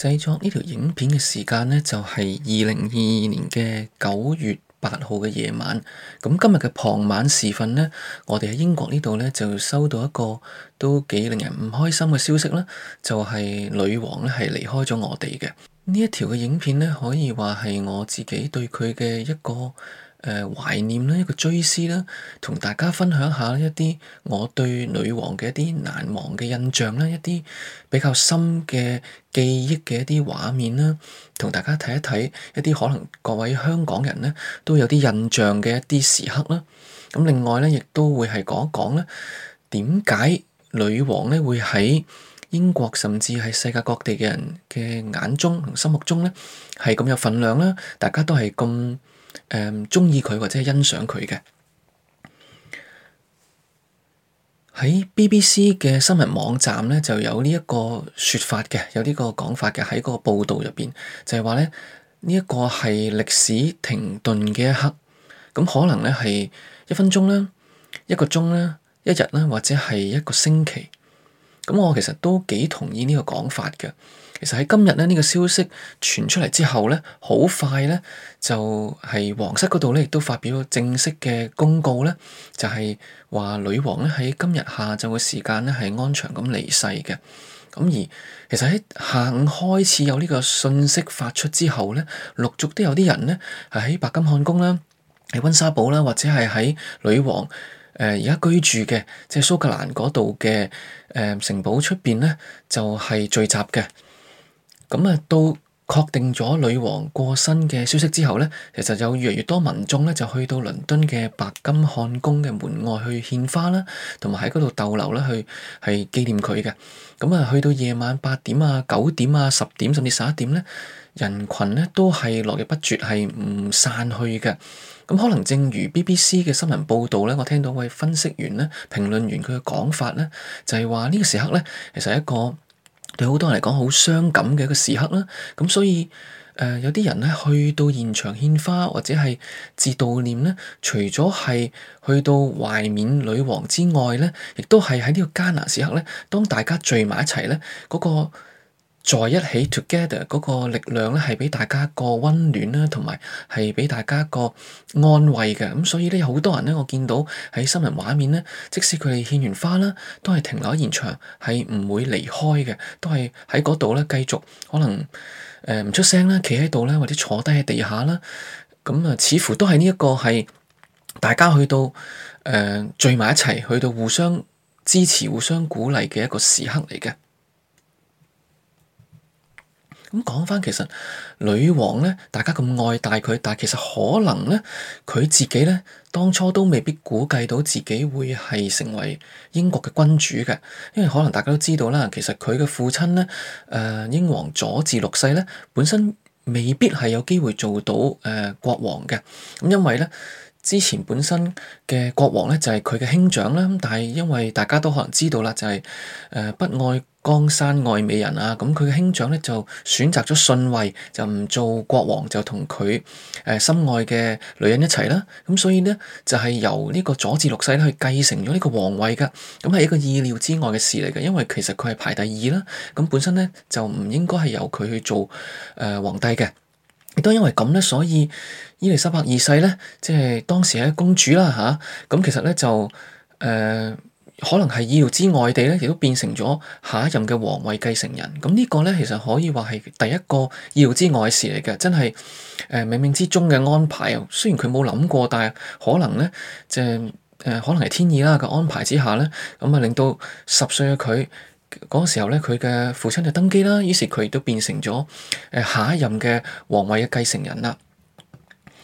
製作呢條影片嘅時間呢，就係二零二二年嘅九月八號嘅夜晚。咁今日嘅傍晚時分呢，我哋喺英國呢度呢，就收到一個都幾令人唔開心嘅消息啦，就係女王呢係離開咗我哋嘅。呢一條嘅影片呢，可以話係我自己對佢嘅一個。誒、呃、懷念呢，一個追思啦，同大家分享一下一啲我對女王嘅一啲難忘嘅印象啦，一啲比較深嘅記憶嘅一啲畫面啦，同大家睇一睇一啲可能各位香港人呢都有啲印象嘅一啲時刻啦。咁另外呢，亦都會係講一講呢，點解女王呢會喺英國甚至係世界各地嘅人嘅眼中同心目中呢，係咁有份量啦，大家都係咁。誒，鍾意佢或者係欣賞佢嘅，喺 BBC 嘅新聞網站呢，就有呢一個說法嘅，有呢個講法嘅，喺個報道入邊就係話呢，呢一個係歷史停頓嘅一刻，咁可能呢係一分鐘啦、一個鐘啦、一日啦，或者係一個星期，咁我其實都幾同意呢個講法嘅。其實喺今日咧，呢個消息傳出嚟之後咧，好快咧就係皇室嗰度咧，亦都發表正式嘅公告咧，就係話女王咧喺今日下晝嘅時間咧，係安詳咁離世嘅。咁而其實喺下午開始有呢個信息發出之後咧，陸續都有啲人咧係喺白金漢宮啦、喺温莎堡啦，或者係喺女王誒而家居住嘅即係蘇格蘭嗰度嘅誒城堡出邊咧，就係聚集嘅。咁啊，到確定咗女王過身嘅消息之後咧，其實有越嚟越多民眾咧，就去到倫敦嘅白金漢宮嘅門外去獻花啦，同埋喺嗰度逗留啦，去係紀念佢嘅。咁啊，去到夜晚八點啊、九點啊、十點、啊、甚至十一點咧，人群咧都係絡繹不絕，係唔散去嘅。咁可能正如 BBC 嘅新聞報導咧，我聽到位分析員咧、評論員佢嘅講法咧，就係話呢個時刻咧，其實一個。對好多人嚟講，好傷感嘅一個時刻啦。咁所以，誒、呃、有啲人咧去到現場獻花或者係自悼念咧，除咗係去到懷緬女皇之外咧，亦都係喺呢個艱難時刻咧，當大家聚埋一齊咧，嗰、那個。在一起 together 嗰個力量咧，係畀大家一個溫暖啦，同埋係畀大家一個安慰嘅。咁所以咧，有好多人咧，我見到喺新聞畫面咧，即使佢哋獻完花啦，都係停留喺現場，係唔會離開嘅，都係喺嗰度咧繼續可能誒、呃、唔出聲啦，企喺度啦，或者坐低喺地下啦。咁啊，似乎都係呢一個係大家去到誒、呃、聚埋一齊，去到互相支持、互相鼓勵嘅一個時刻嚟嘅。咁講返，其實女王呢，大家咁愛戴佢，但係其實可能呢，佢自己呢，當初都未必估計到自己會係成為英國嘅君主嘅，因為可能大家都知道啦，其實佢嘅父親呢，誒、呃、英王佐治六世呢，本身未必係有機會做到誒、呃、國王嘅，咁因為呢。之前本身嘅國王呢，就係佢嘅兄長啦，但係因為大家都可能知道啦，就係誒不愛江山愛美人啊，咁佢嘅兄長呢，就選擇咗遜位，就唔做國王，就同佢誒心愛嘅女人一齊啦。咁所以呢，就係由呢個佐治六世去繼承咗呢個皇位噶。咁係一個意料之外嘅事嚟嘅，因為其實佢係排第二啦。咁本身呢，就唔應該係由佢去做誒皇帝嘅。都因為咁咧，所以伊莉莎白二世咧，即係當時係公主啦吓。咁、啊、其實咧就誒、呃，可能係意料之外地咧，亦都變成咗下一任嘅皇位繼承人。咁、嗯這個、呢個咧，其實可以話係第一個意料之外事嚟嘅，真係誒冥冥之中嘅安排。雖然佢冇諗過，但係可能咧，即係誒，可能係天意啦嘅安排之下咧，咁、嗯、啊令到十歲嘅佢。嗰個時候咧，佢嘅父親就登基啦，於是佢亦都變成咗誒下一任嘅皇位嘅繼承人啦。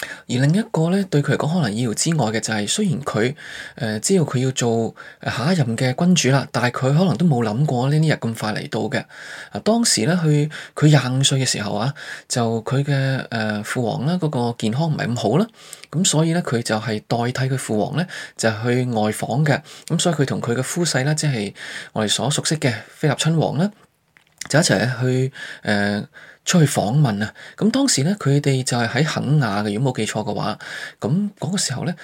而另一個咧，對佢嚟講可能意料之外嘅就係，雖然佢誒、呃、知道佢要做下一任嘅君主啦，但係佢可能都冇諗過呢啲日咁快嚟到嘅。啊，當時咧，佢佢廿五歲嘅時候啊，就佢嘅誒父王啦，嗰個健康唔係咁好啦，咁所以咧，佢就係代替佢父王咧，就去外訪嘅。咁所以佢同佢嘅夫婿啦，即係我哋所熟悉嘅菲立親王啦，就一齊去誒。呃出去訪問啊！咁當時咧，佢哋就係喺肯亞嘅，如果冇記錯嘅話。咁嗰個時候咧，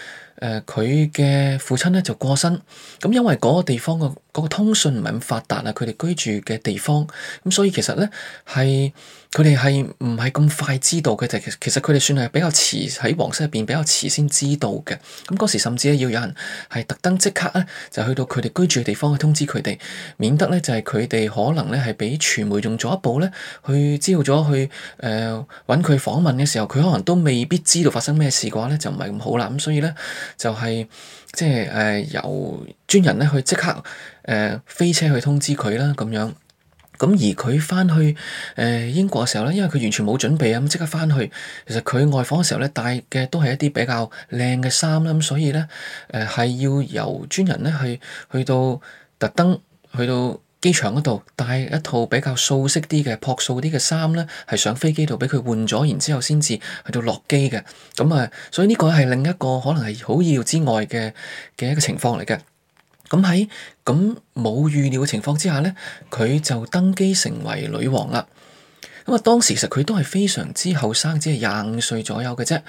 誒佢嘅父親咧就過身。咁因為嗰個地方嘅嗰個通訊唔係咁發達啊，佢哋居住嘅地方，咁所以其實咧係。佢哋係唔係咁快知道嘅？其其實佢哋算係比較遲，喺皇室入邊比較遲先知道嘅。咁嗰時甚至要有人係特登即刻咧就去到佢哋居住嘅地方去通知佢哋，免得咧就係佢哋可能咧係比傳媒仲早一步咧去知道咗去誒揾佢訪問嘅時候，佢可能都未必知道發生咩事嘅話咧，就唔係咁好啦。咁所以咧就係即係誒由專人咧去即刻誒、呃、飛車去通知佢啦，咁樣。咁而佢翻去誒英國嘅時候咧，因為佢完全冇準備啊，咁即刻翻去。其實佢外訪嘅時候咧，帶嘅都係一啲比較靚嘅衫啦，咁所以咧誒係要由專人咧去去到特登去到機場嗰度帶一套比較素色啲嘅朴素啲嘅衫咧，係上飛機度俾佢換咗，然之後先至去到落機嘅。咁、嗯、啊，所以呢個係另一個可能係好意料之外嘅嘅一個情況嚟嘅。咁喺咁冇預料嘅情況之下呢，佢就登基成為女王啦。咁啊，當時其實佢都係非常之後生，只係廿五歲左右嘅啫。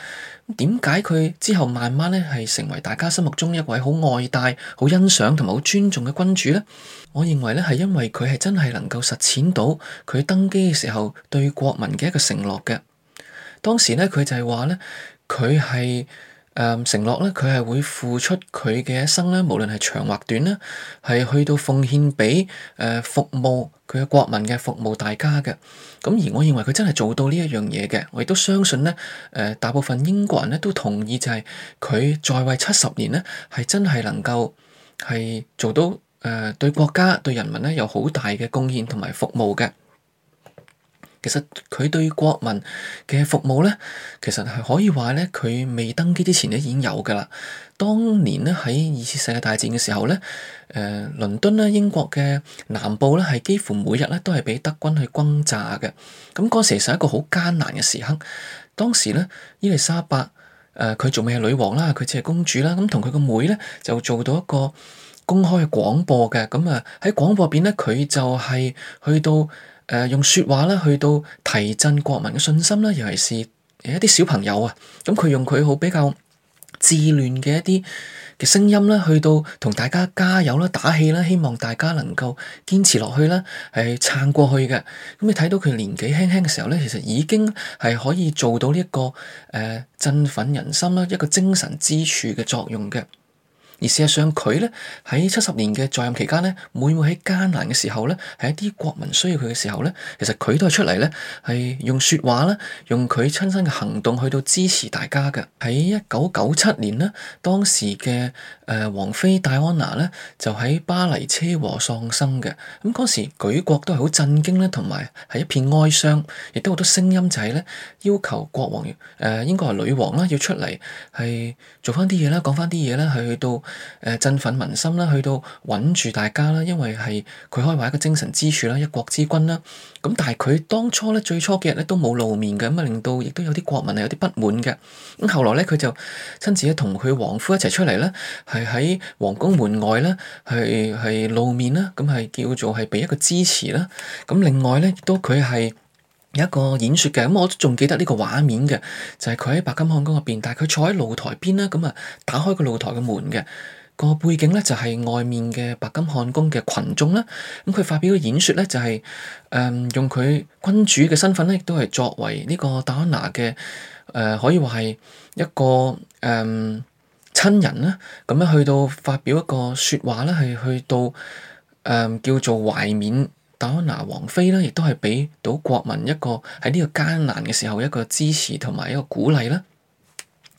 點解佢之後慢慢呢係成為大家心目中一位好愛戴、好欣賞同埋好尊重嘅君主呢？我認為呢係因為佢係真係能夠實踐到佢登基嘅時候對國民嘅一個承諾嘅。當時呢，佢就係話呢，佢係。承諾咧，佢係會付出佢嘅一生咧，無論係長或短啦，係去到奉獻畀誒服務佢嘅國民嘅，服務大家嘅。咁而我認為佢真係做到呢一樣嘢嘅，我亦都相信咧誒，大部分英國人咧都同意就係佢在位七十年咧係真係能夠係做到誒對國家、對人民咧有好大嘅貢獻同埋服務嘅。其實佢對國民嘅服務咧，其實係可以話咧，佢未登基之前咧已經有噶啦。當年咧喺二次世界大戰嘅時候咧，誒、呃，倫敦咧英國嘅南部咧係幾乎每日咧都係俾德軍去轟炸嘅。咁、嗯、嗰時其實係一個好艱難嘅時刻。當時咧伊麗莎白誒佢仲未係女王啦，佢只係公主啦。咁同佢個妹咧就做到一個公開嘅廣播嘅。咁啊喺廣播入邊咧佢就係去到。誒用説話咧，去到提振國民嘅信心啦，尤其是誒一啲小朋友啊，咁佢用佢好比較自亂嘅一啲嘅聲音咧，去到同大家加油啦、打氣啦，希望大家能夠堅持落去啦，係撐過去嘅。咁你睇到佢年紀輕輕嘅時候咧，其實已經係可以做到呢、這、一個誒、呃、振奮人心啦，一個精神支柱嘅作用嘅。而事實上，佢咧喺七十年嘅在任期間咧，每每喺艱難嘅時候咧，喺一啲國民需要佢嘅時候咧，其實佢都係出嚟咧，係用説話啦，用佢親身嘅行動去到支持大家嘅。喺一九九七年咧，當時嘅誒、呃、王妃戴安娜咧就喺巴黎車禍喪生嘅。咁嗰時舉國都係好震驚咧，同埋係一片哀傷，亦都好多聲音就係咧要求國王誒應該係女王啦要出嚟係做翻啲嘢啦，講翻啲嘢啦，係去到。誒，振奮民心啦，去到穩住大家啦，因為係佢可以話一個精神支柱啦，一國之君啦。咁但係佢當初咧，最初幾日咧都冇露面嘅，咁啊令到亦都有啲國民係有啲不滿嘅。咁後來咧，佢就親自同佢皇夫一齊出嚟咧，係喺皇宮門外咧，係係露面啦。咁係叫做係俾一個支持啦。咁另外咧，亦都佢係。有一個演說嘅，咁我仲記得呢個畫面嘅，就係佢喺白金漢宮入邊，但係佢坐喺露台邊啦，咁啊打開個露台嘅門嘅，個背景咧就係外面嘅白金漢宮嘅群眾啦，咁佢發表嘅演說咧就係、是，誒、嗯、用佢君主嘅身份咧，亦都係作為呢個戴安娜嘅，誒、呃、可以話係一個誒親、嗯、人啦，咁樣去到發表一個說話咧，係去到誒、嗯、叫做懷緬。戴安娜王妃呢，亦都係畀到國民一個喺呢個艱難嘅時候一個支持同埋一個鼓勵啦。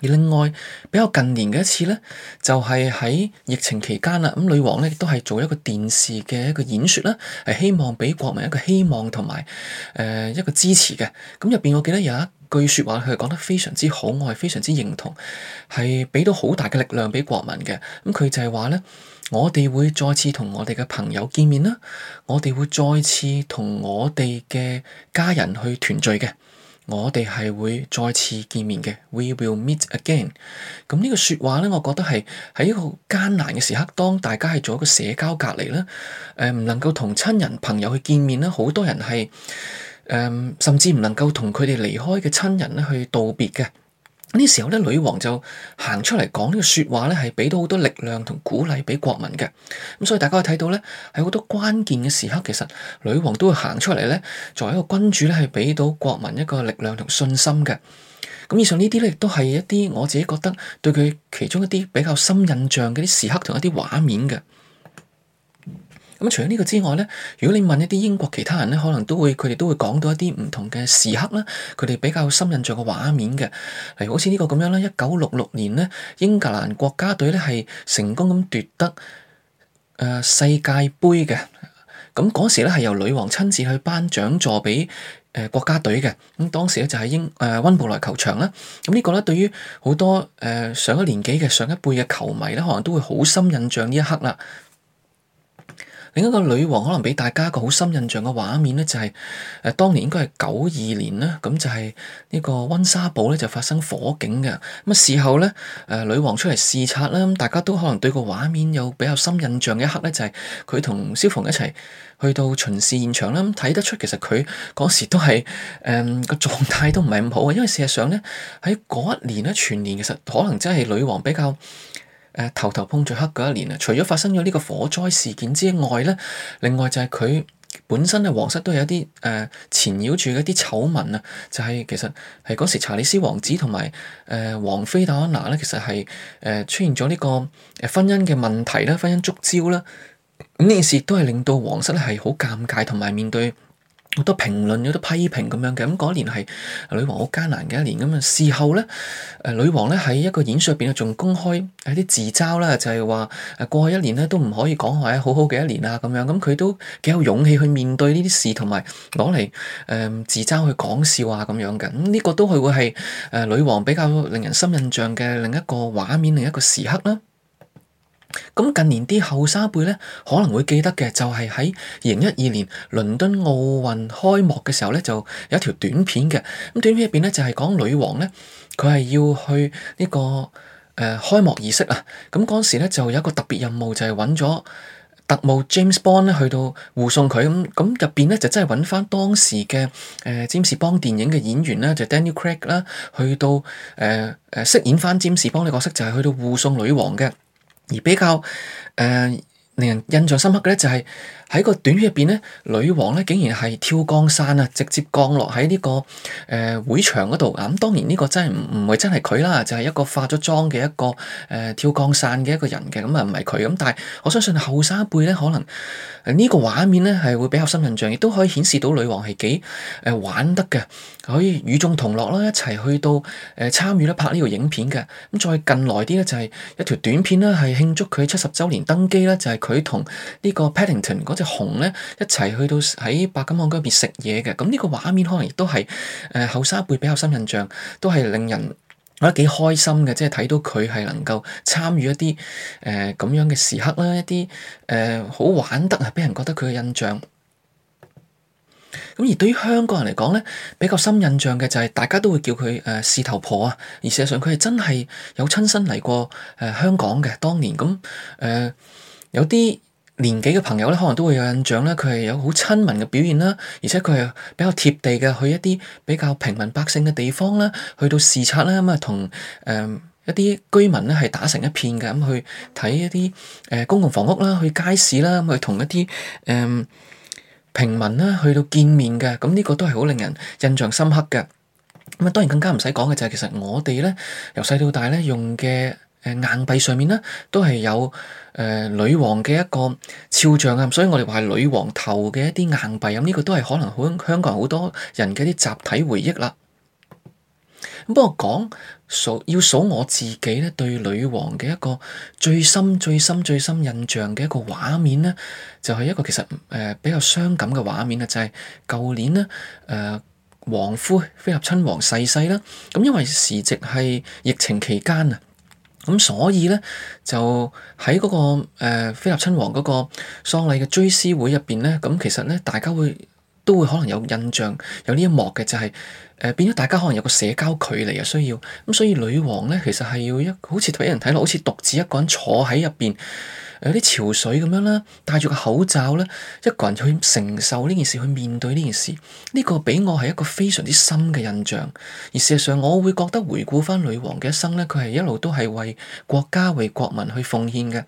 而另外比較近年嘅一次呢，就係喺疫情期間啦，咁女王呢，亦都係做一個電視嘅一個演說啦，係希望畀國民一個希望同埋誒一個支持嘅。咁入邊我記得有一句說話佢係講得非常之好，我係非常之認同，係畀到好大嘅力量畀國民嘅。咁佢就係話呢，我哋會再次同我哋嘅朋友見面啦，我哋會再次同我哋嘅家人去團聚嘅，我哋係會再次見面嘅。We will meet again。咁呢句說話呢，我覺得係喺一個艱難嘅時刻，當大家係做一個社交隔離啦，誒、呃、唔能夠同親人朋友去見面啦，好多人係。甚至唔能夠同佢哋離開嘅親人去道別嘅，呢時候呢女王就行出嚟講呢個說話咧，係俾到好多力量同鼓勵畀國民嘅。咁所以大家可以睇到呢喺好多關鍵嘅時刻，其實女王都會行出嚟呢作為一個君主咧，係俾到國民一個力量同信心嘅。咁以上呢啲呢都係一啲我自己覺得對佢其中一啲比較深印象嘅啲時刻同一啲畫面嘅。咁除咗呢個之外咧，如果你問一啲英國其他人咧，可能都會，佢哋都會講到一啲唔同嘅時刻啦，佢哋比較深印象嘅畫面嘅，例如好似呢個咁樣啦，一九六六年咧，英格蘭國家隊咧係成功咁奪得誒、呃、世界盃嘅，咁、嗯、嗰時咧係由女王親自去頒獎座俾誒國家隊嘅，咁當時咧就喺、是、英誒、呃、溫布萊球場啦，咁、嗯這個、呢個咧對於好多誒、呃、上一年紀嘅上一輩嘅球迷咧，可能都會好深印象呢一刻啦。另一個女王可能畀大家一個好深印象嘅畫面呢，就係誒當年應該係九二年啦，咁就係呢個温莎堡呢，就發生火警嘅。咁事後呢，呃、女王出嚟視察啦，咁大家都可能對個畫面有比較深印象嘅一刻呢，就係佢同消防一齊去到巡視現場啦。咁睇得出其實佢嗰時都係誒、嗯、個狀態都唔係咁好啊，因為事實上呢，喺嗰一年咧全年其實可能真係女王比較誒頭頭碰著黑嗰一年啊，除咗發生咗呢個火災事件之外咧，另外就係佢本身啊，皇室都有一啲誒、呃、纏繞住一啲醜聞啊，就係、是、其實係嗰時查理斯王子同埋誒王妃戴安娜咧，其實係誒、呃、出現咗呢個婚姻嘅問題啦，婚姻觸礁啦，咁呢件事都係令到皇室咧係好尷尬同埋面對好多評論，有啲批評咁樣嘅，咁嗰年係女王好艱難嘅一年咁啊。事後咧，誒、呃、女王咧喺一個演說入邊啊，仲公開喺啲自嘲啦，就係話誒過去一年咧都唔可以講係好好嘅一年啊咁樣，咁佢都幾有勇氣去面對呢啲事，同埋攞嚟誒自嘲去講笑啊咁樣嘅，咁呢個都係會係誒女王比較令人深印象嘅另一個畫面，另一個時刻啦。咁近年啲後生輩咧，可能會記得嘅就係喺二零一二年倫敦奧運開幕嘅時候咧，就有一條短片嘅。咁短片入邊咧就係、是、講女王咧，佢係要去呢、這個誒、呃、開幕儀式啊。咁嗰時咧就有一個特別任務，就係揾咗特務 James Bond 咧去到護送佢。咁咁入邊咧就真係揾翻當時嘅誒、呃、James Bond 電影嘅演員咧，就是、Daniel Craig 啦，去到誒誒飾演翻 James Bond 嘅角色，就係、是、去到護送女王嘅。而比較誒。令人印象深刻嘅咧，就係喺個短片入邊咧，女王咧竟然係跳降傘啊，直接降落喺呢、這個誒、呃、會場嗰度。咁當然呢個真係唔唔係真係佢啦，就係、是、一個化咗妝嘅一個誒、呃、跳降傘嘅一個人嘅，咁啊唔係佢。咁但係我相信後生一輩咧，可能呢個畫面咧係會比較深印象，亦都可以顯示到女王係幾誒玩得嘅，可以與眾同樂啦，一齊去到誒、呃、參與咧拍呢條影片嘅。咁再近來啲咧，就係一條短片啦，係慶祝佢七十週年登基啦，就係、是。佢同呢個 Paddington 嗰隻熊咧一齊去到喺白金漢宮嗰入邊食嘢嘅，咁呢個畫面可能亦都係誒後生一輩比較深印象，都係令人覺得幾開心嘅，即係睇到佢係能夠參與一啲誒咁樣嘅時刻啦，一啲誒、呃、好玩得啊，俾人覺得佢嘅印象。咁而對於香港人嚟講咧，比較深印象嘅就係大家都會叫佢誒、呃、事頭婆啊，而事實上佢係真係有親身嚟過誒、呃、香港嘅，當年咁誒。有啲年紀嘅朋友咧，可能都會有印象啦。佢係有好親民嘅表現啦，而且佢係比較貼地嘅，去一啲比較平民百姓嘅地方啦，去到視察啦，咁啊同誒一啲居民咧係打成一片嘅，咁去睇一啲誒公共房屋啦，去街市啦，咁去同一啲誒、嗯、平民啦，去到見面嘅，咁、這、呢個都係好令人印象深刻嘅。咁啊，當然更加唔使講嘅就係、是、其實我哋咧，由細到大咧用嘅。硬幣上面都係有、呃、女王嘅一個肖像啊，所以我哋話係女王頭嘅一啲硬幣咁，呢、這個都係可能香港人好多人嘅一啲集體回憶啦。咁不過講要數我自己咧對女王嘅一個最深最深最深印象嘅一個畫面呢就係、是、一個其實、呃、比較傷感嘅畫面就係、是、舊年呢，誒、呃、皇夫菲立親王逝世啦。咁因為時值係疫情期間啊。咁所以咧，就喺嗰、嗰個誒、呃、菲臘親王嗰個喪禮嘅追思會入邊咧，咁其實咧，大家會都會可能有印象有呢一幕嘅，就係、是、誒、呃、變咗大家可能有個社交距離嘅需要，咁所以女皇咧其實係要一好似俾人睇落好似獨自一個人坐喺入邊，有啲潮水咁樣啦，戴住個口罩咧，一個人去承受呢件事，去面對呢件事，呢、這個俾我係一個非常之深嘅印象。而事實上我會覺得回顧翻女皇嘅一生咧，佢係一路都係為國家為國民去奉獻嘅。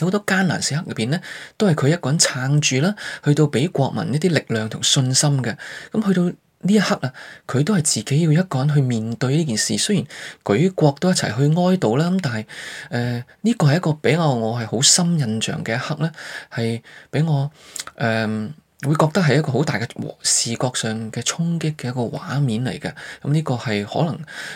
好多艱難時刻入邊咧，都係佢一個人撐住啦，去到畀國民一啲力量同信心嘅。咁去到呢一刻啊，佢都係自己要一個人去面對呢件事。雖然舉國都一齊去哀悼啦，咁但係誒呢個係一個比較我係好深印象嘅一刻咧，係俾我誒。呃會覺得係一個好大嘅視覺上嘅衝擊嘅一個畫面嚟嘅，咁、這、呢個係可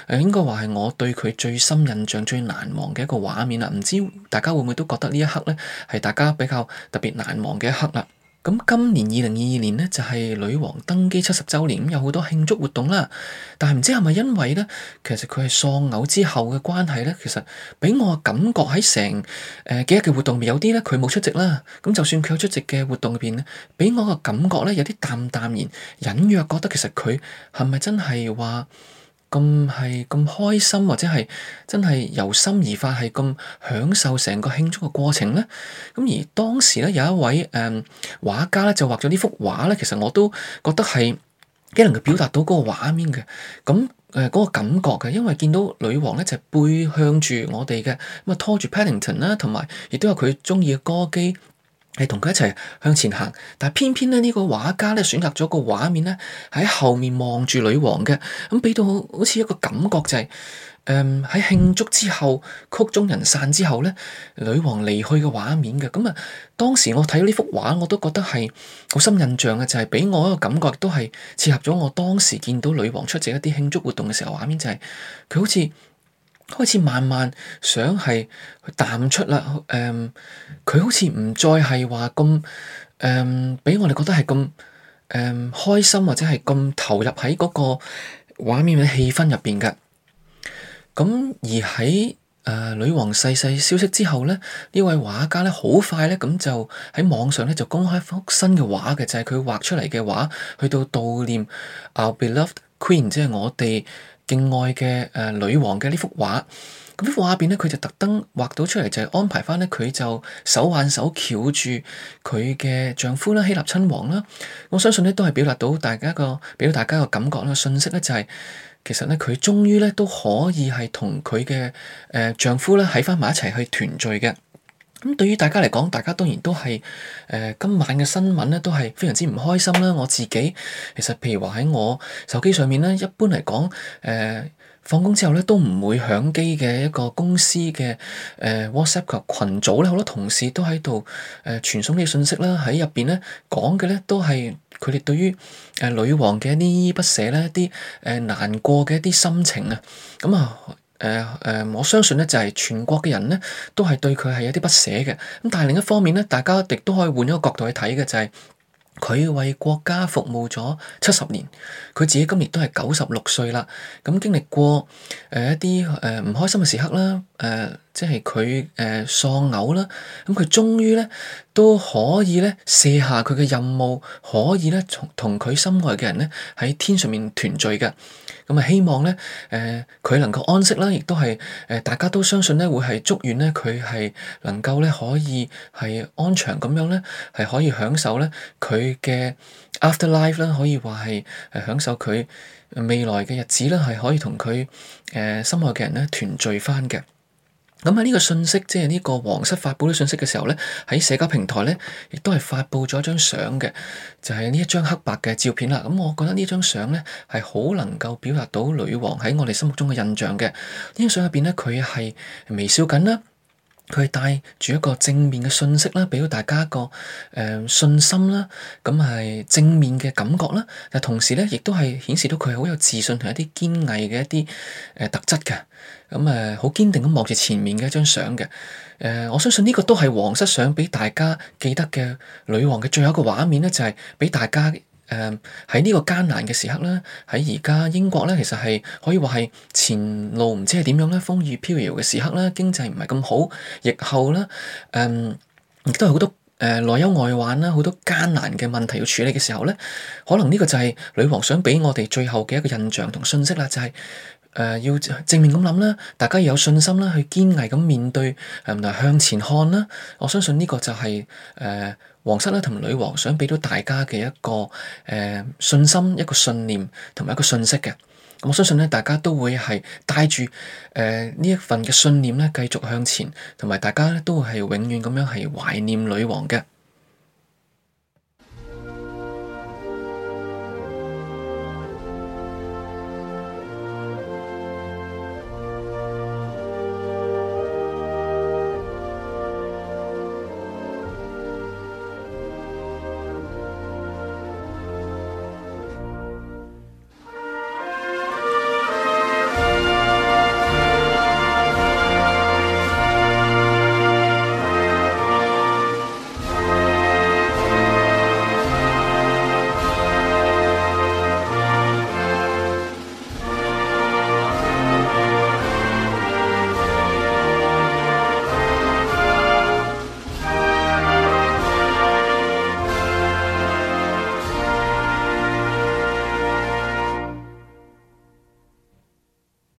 能誒應該話係我對佢最深印象，最難忘嘅一個畫面啦。唔知大家會唔會都覺得呢一刻咧係大家比較特別難忘嘅一刻啦。咁今年二零二二年呢，就係、是、女皇登基七十週年，咁有好多慶祝活動啦。但係唔知係咪因為呢，其實佢係喪偶之後嘅關係呢，其實畀我感覺喺成誒幾日嘅活動入面有啲呢，佢冇出席啦。咁就算佢有出席嘅活動入邊呢，畀我嘅感覺呢，有啲淡淡然，隱約覺得其實佢係咪真係話？咁係咁開心或者係真係由心而發係咁享受成個慶祝嘅過程咧，咁而當時咧有一位誒畫家咧就畫咗呢幅畫咧，其實我都覺得係幾能夠表達到嗰個畫面嘅，咁誒嗰個感覺嘅，因為見到女皇咧就係、是、背向住我哋嘅，咁啊拖住 Paddington 啦，同埋亦都有佢中意嘅歌姬。係同佢一齊向前行，但係偏偏咧呢、這個畫家咧選擇咗個畫面咧喺後面望住女王嘅，咁俾到好似一個感覺就係、是，誒喺慶祝之後曲終人散之後咧，女王離去嘅畫面嘅，咁、嗯、啊當時我睇到呢幅畫我都覺得係好深印象嘅，就係、是、俾我一個感覺都係切合咗我當時見到女王出席一啲慶祝活動嘅時候畫面、就是，就係佢好似。開始慢慢想係淡出啦，誒、嗯，佢好似唔再係話咁，誒、嗯，俾我哋覺得係咁，誒、嗯，開心或者係咁投入喺嗰個畫面嘅氣氛入邊嘅。咁、嗯、而喺誒、呃呃、女王逝世消息之後咧，呢位畫家咧好快咧咁、嗯、就喺網上咧就公開一幅新嘅畫嘅，就係、是、佢畫出嚟嘅畫，去到悼念 our beloved queen，即係我哋敬愛嘅誒女王嘅呢幅畫，咁呢幅畫入邊咧，佢就特登畫到出嚟，就係安排翻咧，佢就手挽手翹住佢嘅丈夫啦，希臘親王啦。我相信咧，都係表達到大家個俾到大家個感覺啦、信息咧、就是，就係其實咧，佢終於咧都可以係同佢嘅誒丈夫咧喺翻埋一齊去團聚嘅。咁、嗯、對於大家嚟講，大家當然都係誒、呃、今晚嘅新聞咧，都係非常之唔開心啦。我自己其實譬如話喺我手機上面咧，一般嚟講誒放工之後咧，都唔會響機嘅一個公司嘅誒、呃、WhatsApp 群組咧，好多同事都喺度誒傳送啲信息啦，喺入邊咧講嘅咧都係佢哋對於誒、呃呃、女王嘅一啲依依不捨呢咧，一啲誒難過嘅一啲心情啊，咁、嗯、啊～呃、我相信咧就係全國嘅人咧，都係對佢係有啲不捨嘅。咁但係另一方面咧，大家亦都可以換一個角度去睇嘅，就係、是、佢為國家服務咗七十年，佢自己今年都係九十六歲啦。咁經歷過誒一啲誒唔開心嘅時刻啦，誒、呃、即係佢誒喪偶啦。咁佢終於咧都可以咧卸下佢嘅任務，可以咧同佢心愛嘅人咧喺天上面團聚嘅。咁啊，希望咧，誒佢能夠安息啦，亦都係誒大家都相信咧，會係祝願咧，佢係能夠咧可以係安詳咁樣咧，係可以享受咧佢嘅 after life 啦，可以話係係享受佢未來嘅日子啦，係可以同佢誒心愛嘅人咧團聚翻嘅。咁喺呢個信息，即係呢個皇室發布呢信息嘅時候咧，喺社交平台咧，亦都係發布咗一張相嘅，就係呢一張黑白嘅照片啦。咁我覺得呢張相咧係好能夠表達到女王喺我哋心目中嘅印象嘅。呢張相入邊咧，佢係微笑緊啦。佢帶住一個正面嘅訊息啦，畀到大家一個誒、呃、信心啦，咁係正面嘅感覺啦。但同時咧，亦都係顯示到佢好有自信同一啲堅毅嘅一啲誒、呃、特質嘅。咁誒好堅定咁望住前面嘅一張相嘅。誒、呃，我相信呢個都係皇室相畀大家記得嘅女王嘅最後一個畫面咧，就係、是、畀大家。喺呢、嗯、個艱難嘅時刻咧，喺而家英國咧，其實係可以話係前路唔知係點樣咧，風雨飄搖嘅時刻咧，經濟唔係咁好，疫後咧，誒、嗯、亦都係好多誒、呃、內憂外患啦，好多艱難嘅問題要處理嘅時候咧，可能呢個就係女皇想俾我哋最後嘅一個印象同信息啦，就係、是、誒、呃、要正面咁諗啦，大家要有信心啦，去堅毅咁面對、呃，向前看啦，我相信呢個就係、是、誒。呃皇室咧同埋女王想畀到大家嘅一個誒、呃、信心、一個信念同埋一個信息嘅，我相信咧大家都會係帶住誒呢一份嘅信念咧繼續向前，同埋大家咧都會係永遠咁樣係懷念女王嘅。